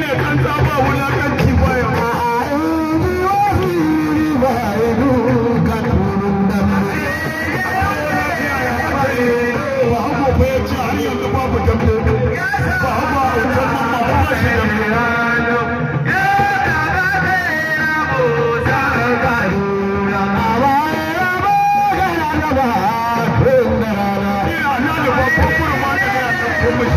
ne kan tsaba wulakanci bayan Thank you.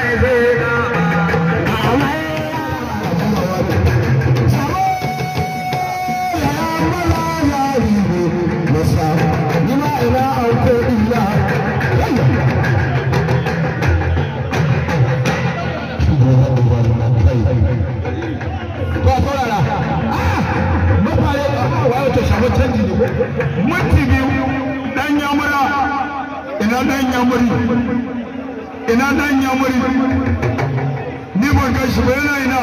Hallelujah. kaina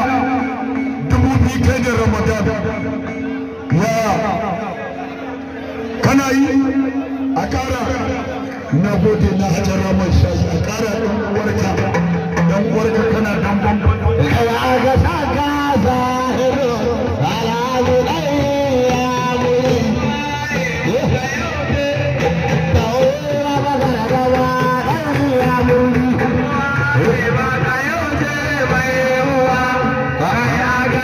dubu biyu kai da ramadan ya kana yi a kara na gode na hajar ramar shayi a kara ɗan uwarka ɗan uwarka kana ɗan bambam kai a ga sa ka zahiru ala zulai ya muri Hey,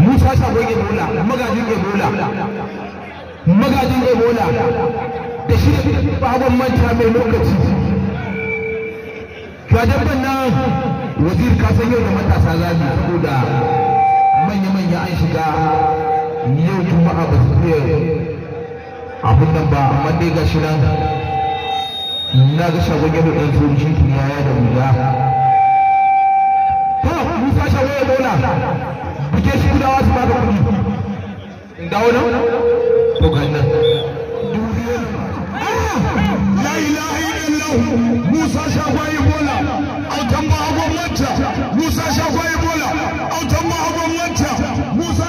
musa ta sabon ebola magajin ebola magajin bola. da shi babban manta mai lokaci gajaban nan wazir ka san yau da matasa za su da manya-manya an shiga yau juma'a ba su Abin nan ba amma dai ga shi nan na ga shagon yadda ɗan soji ya da wuya ta musa shagon ya dole Ike shi da wasu ba da kuɗi. In dawo nan? To ga nan. La ilaha illallah Musa Shagwayi Bola autan ba gwamnati Musa Shagwayi Bola autan ba gwamnati Musa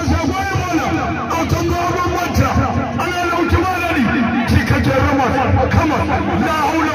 Bola rama kama la haula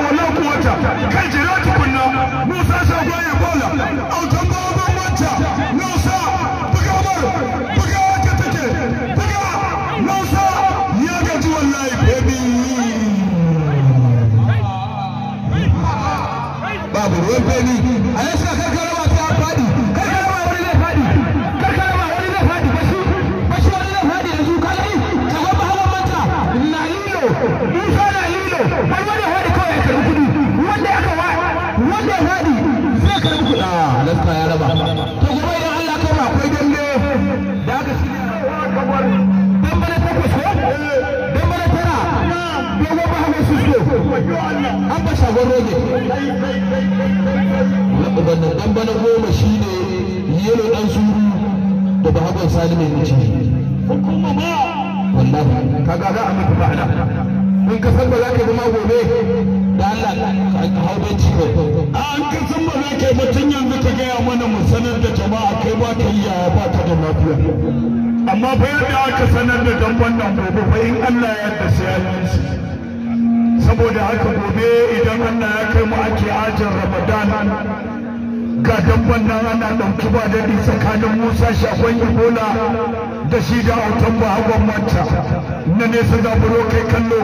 ne miji wallahi kaga za a mutu ba'ala in ka san ba za ka zama gobe da Allah ka hau an ka san ba za ka yi mutum yanzu ka gaya mana mu sanar da jama'a kai ba ka yi yaya ba ka da lafiya amma fa yadda aka sanar da damban nan gobe fa in Allah ya yarda sai an yi saboda haka gobe idan Allah ya kai mu ake ajin Ramadan ga damban nan ana ɗauki da ni tsakanin musa shafan ibola da shi da autan ba hagon manta na nesa kai kallo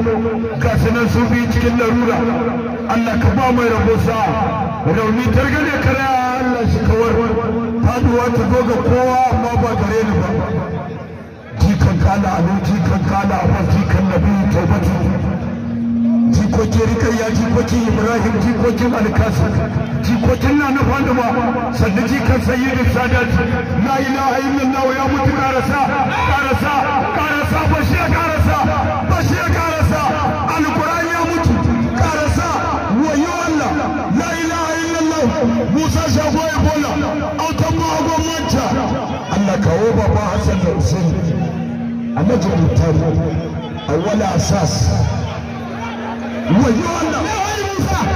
ga sunan sun cikin larura allah ka ba mai rabo sa rauni targade karaya allah shi kawar faduwa ta zo ga kowa amma ba gare ni ba jikan kala abin jikan kala abin jikan nabi taubatu jikokin rikayya jikokin ibrahim jikokin alkasim jikokin na na fatima sannan jikan sayyidi sadat la ilaha illallah ya mutu karasa karasa karasa bashi ya karasa bashi ya karasa alquran ya mutu karasa wayo allah la ilaha illallah musa shago ya bola autan mahagon manta allah kawo baba hassan da usaini a majalisar awwala asas 我一事。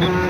minute.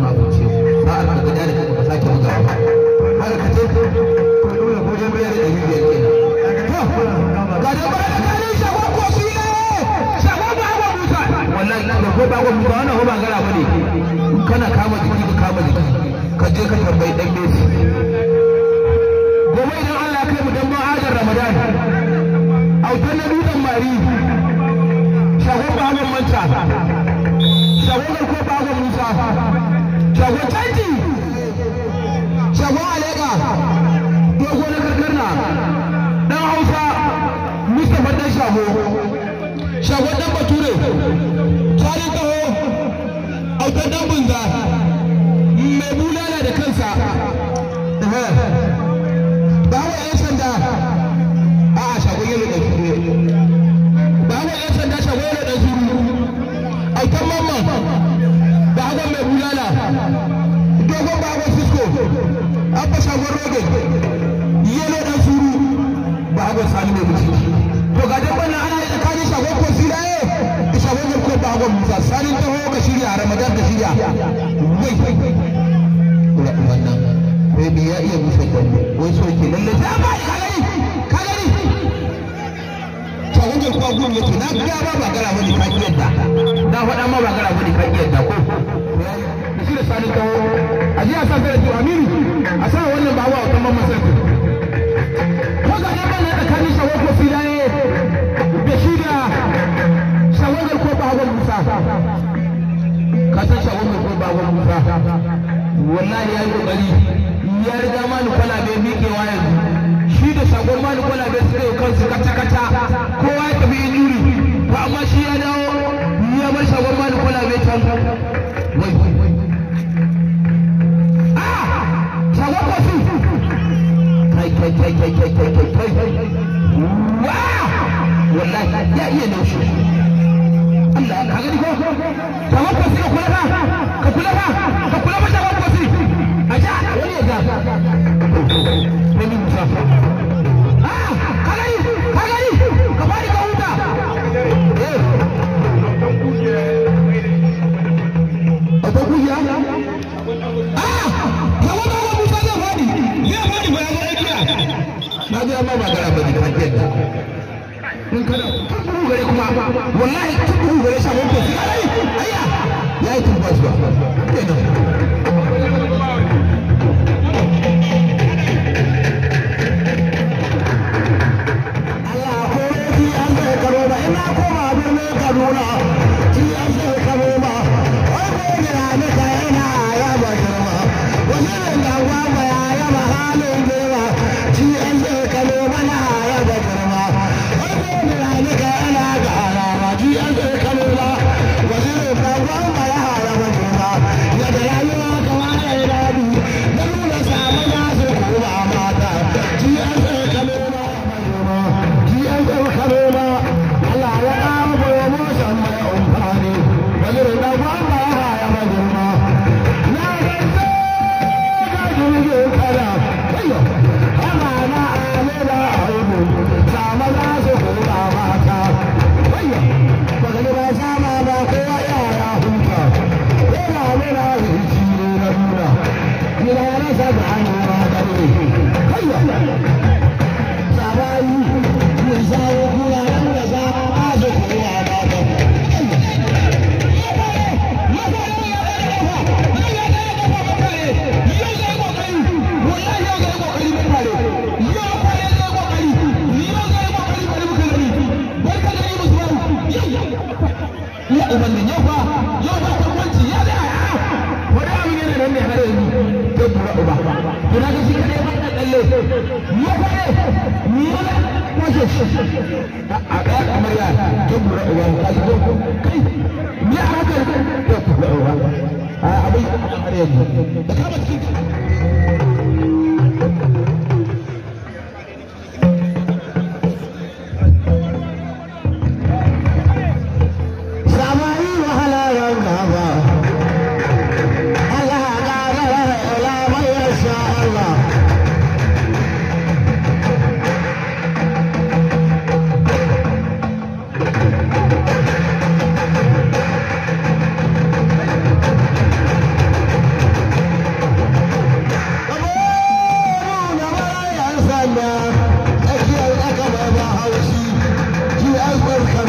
ma ba a ka gada da kuma ka sake buga ba ka ce ko dole ko bayar da ni biyar kenan to ga da da ko na bane kana kama jiki ka kama jiki ka je ka tambayi dan besi gobe idan Allah kai mu dan ma'adar Ramadan autan na dudan mari shago ba ban manta shago ko ba mu musa shagon canji shagon aleka dogo na dan hausa mustapha dan shago dan bature tari kaho autar dan bunza mai bulala da kansa tsohon rogo yalo dan suru ba hagon sani mai mutum to ga dabban nan ana yi tsakanin shagon ko silaye da shagon ko ba hagon musa sanin ta ka shirya ramadan ka shirya wai kula wannan wai bi ya iya musa dambe wai so ke lalle ta ba ka gani ka gani ko gun yake na ga ba ba gara bane ka na faɗa ma ba gara bane ka kiyar da ko baki da sani kawo a ji a sa sai da aminu a sa wannan babu a kan mamman sarki ko ga ɗan na tsakanin shawar ko filaye da shi da shawarar ko bagon musa ka san shawarar ko bagon musa wallahi ya yi kokari ya riga ma ni kwana bai miƙewa yanzu shi da shagon ma ni kwana bai suka yi kansu kata-kata kowa ya tafi injuri ba amma shi ya dawo ya bar shagon ma ni kwana bai can wai wallahi ya iya Allah ya gani ko kamar ko sai kula ka ka kula ka ka kula ba ta ko sai a ja wani ga wani musafa ah ka gani ka gani eh. ah, ba ya magana ba ne kan kenan. mun kada kan bugu gare kuma wallahi kan bugu gare ba. mun ko sai alai ayya yayi ba Kaduna, TFL Kaduna. Thank you. wanda tsakiyar aka ba ba haushi ki albarka